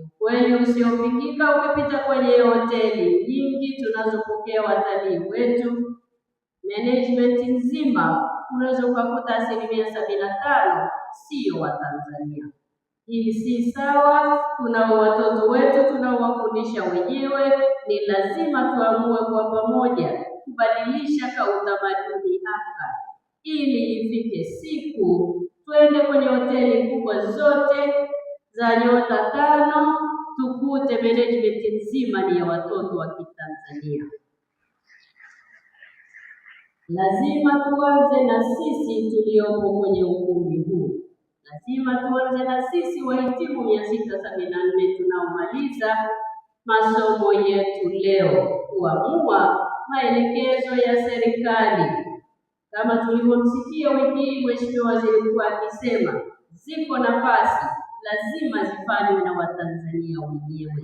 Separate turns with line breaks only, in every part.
Ni usiofikika usiopingika ukipita kwenye hoteli nyingi tunazopokea watalii wetu, management nzima unaweza ukakuta asilimia sabini na tano sio Watanzania. Hii si sawa. Tunao watoto wetu tunaowafundisha wenyewe, ni lazima tuamue kwa pamoja kubadilisha utamaduni hapa, ili ifike siku twende kwenye hoteli kubwa zote za nyota tano, tukute management nzima ni ya watoto wa Kitanzania. Lazima tuanze na sisi tuliopo kwenye ukumbi huu, lazima tuanze na sisi wahitimu mia sita sabini na nne tunaomaliza masomo yetu leo kuamua maelekezo ya serikali. Kama tulivyomsikia wiki hii Mheshimiwa Waziri Mkuu akisema ziko nafasi lazima zifanywe na Watanzania wenyewe,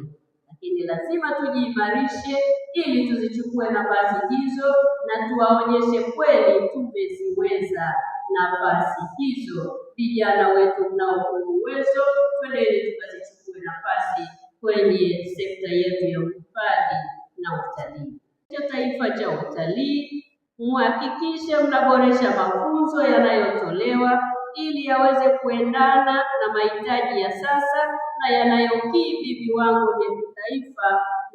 lakini lazima tujiimarishe ili tuzichukue nafasi hizo na tuwaonyeshe kweli tumeziweza nafasi hizo. Vijana wetu mnaokuwa uwezo, twendeni tukazichukue nafasi kwenye sekta yetu ya uhifadhi na utalii. cha taifa cha utalii, muhakikishe mnaboresha mafunzo yanayotolewa ili yaweze kuendana na mahitaji ya sasa na yanayokidhi viwango vya kitaifa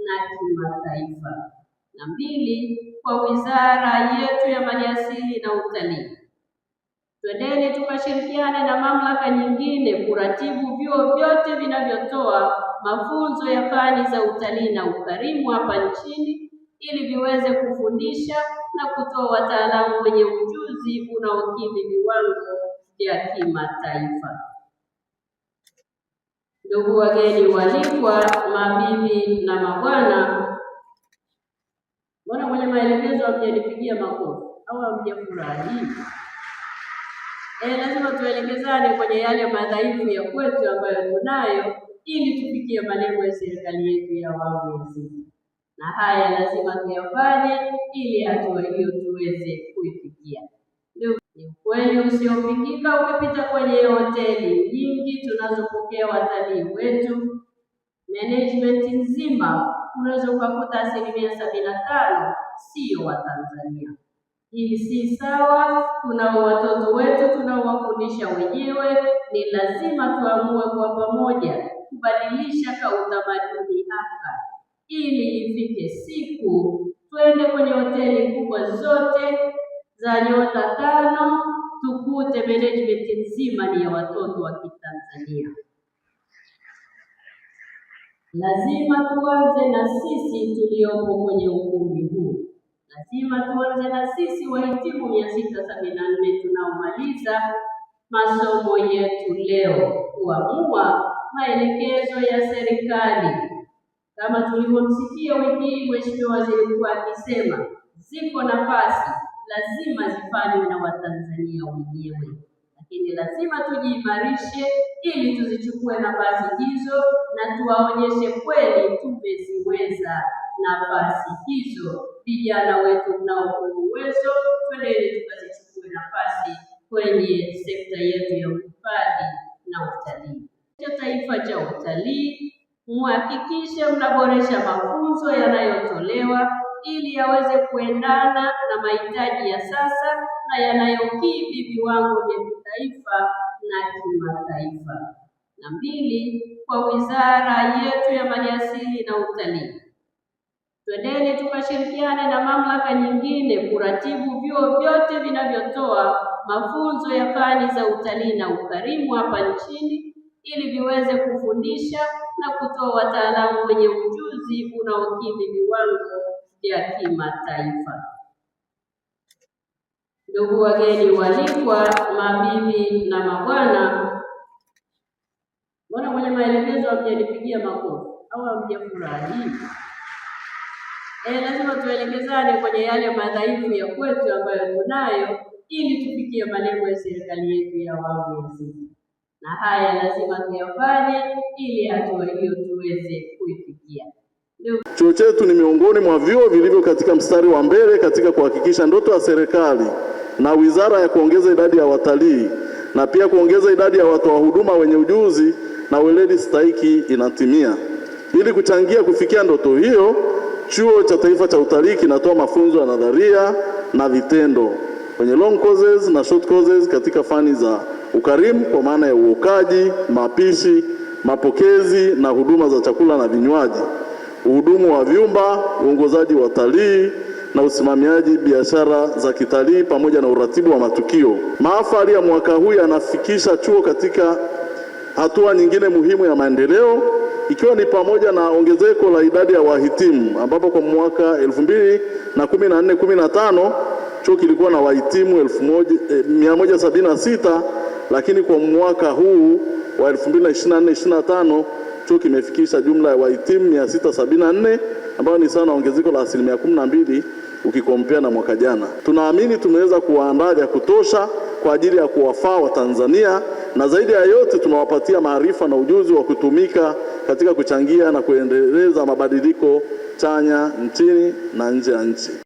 na kimataifa. Na mbili, kwa wizara yetu ya maliasili na utalii, twendeni tukashirikiane na mamlaka nyingine kuratibu vyuo vyote vinavyotoa mafunzo ya fani za utalii na ukarimu hapa nchini ili viweze kufundisha na kutoa wataalamu wenye ujuzi unaokidhi viwango ya kimataifa. Ndugu wageni walikwa, mabibi na mabwana, mbona kwenye maelekezo amjanipigia makofi au amjafurahi? Eh, lazima tuelekezane kwenye yale madhaifu ya kwetu ambayo tunayo ili tufikie malengo ya serikali yetu ya awamu ya sita, na haya lazima tuyafanye ili hatua hiyo tuweze kuifikia. Ni ukweli usiopingika ukipita kwenye hoteli nyingi tunazopokea watalii wetu, management nzima unaweza ukakuta asilimia sabini na tano sio Watanzania. Hii si sawa. Tunao watoto wetu tunaowafundisha wenyewe, ni lazima tuamue kwa pamoja kubadilisha ka utamaduni hapa, ili ifike siku twende kwenye hoteli kubwa zote za nyota yote management nzima ni ya watoto wa Kitanzania. Lazima tuanze na sisi tuliopo kwenye ukumbi huu, lazima tuanze na sisi wahitimu mia sita sabini na nne tunaomaliza masomo yetu leo kuamua maelekezo ya serikali. Kama tulivyomsikia wiki hii Mheshimiwa Waziri Mkuu akisema ziko nafasi lazima zifanywe na Watanzania wenyewe, lakini lazima tujiimarishe ili tuzichukue nafasi hizo na tuwaonyeshe kweli tumeziweza nafasi hizo. Vijana wetu mnaokuwa uwezo, twendeni tukazichukue nafasi kwenye sekta yetu ya uhifadhi na utalii. cha taifa cha utalii, muhakikishe mnaboresha mafunzo yanayotolewa ili yaweze kuendana na mahitaji ya sasa na yanayokidhi viwango vya kitaifa na kimataifa. Na mbili, kwa wizara yetu ya maliasili na utalii, twendeni tukashirikiane na mamlaka nyingine kuratibu vyuo vyote vinavyotoa mafunzo ya fani za utalii na ukarimu hapa nchini ili viweze kufundisha na kutoa wataalamu wenye ujuzi unaokidhi viwango ya kimataifa. Ndugu wageni walikwa, mabibi na mabwana, mbona kwenye maelekezo hamjanipigia makofi au hamjafurahi? E, lazima tuelekezane kwenye yale madhaifu ya kwetu ambayo tunayo ili tufikie malengo ya serikali yetu ya awamu ya sita, na haya lazima tuyafanye ili hatua hiyo tuweze kuifikia.
Chuo chetu ni miongoni mwa vyuo vilivyo katika mstari wa mbele katika kuhakikisha ndoto ya serikali na wizara ya kuongeza idadi ya watalii na pia kuongeza idadi ya watoa huduma wenye ujuzi na weledi stahiki inatimia. Ili kuchangia kufikia ndoto hiyo, Chuo cha Taifa cha Utalii kinatoa mafunzo ya nadharia na vitendo kwenye long courses na short courses katika fani za ukarimu kwa maana ya uokaji, mapishi, mapokezi na huduma za chakula na vinywaji uhudumu wa vyumba, uongozaji wa talii na usimamiaji biashara za kitalii pamoja na uratibu wa matukio. Mahafali ya mwaka huu yanafikisha chuo katika hatua nyingine muhimu ya maendeleo ikiwa ni pamoja na ongezeko la idadi ya wahitimu ambapo kwa mwaka 2014 15 chuo kilikuwa na wahitimu 1176 eh, lakini kwa mwaka huu wa 2024 25 chuo kimefikisha jumla ya wahitimu 674 ambayo ni sawa na ongezeko la asilimia 12 ukikompea na mwaka jana. Tunaamini tumeweza kuwaandaa vya kutosha kwa ajili ya kuwafaa Watanzania na zaidi ya yote tunawapatia maarifa na ujuzi wa kutumika katika kuchangia na kuendeleza mabadiliko chanya nchini na nje ya nchi.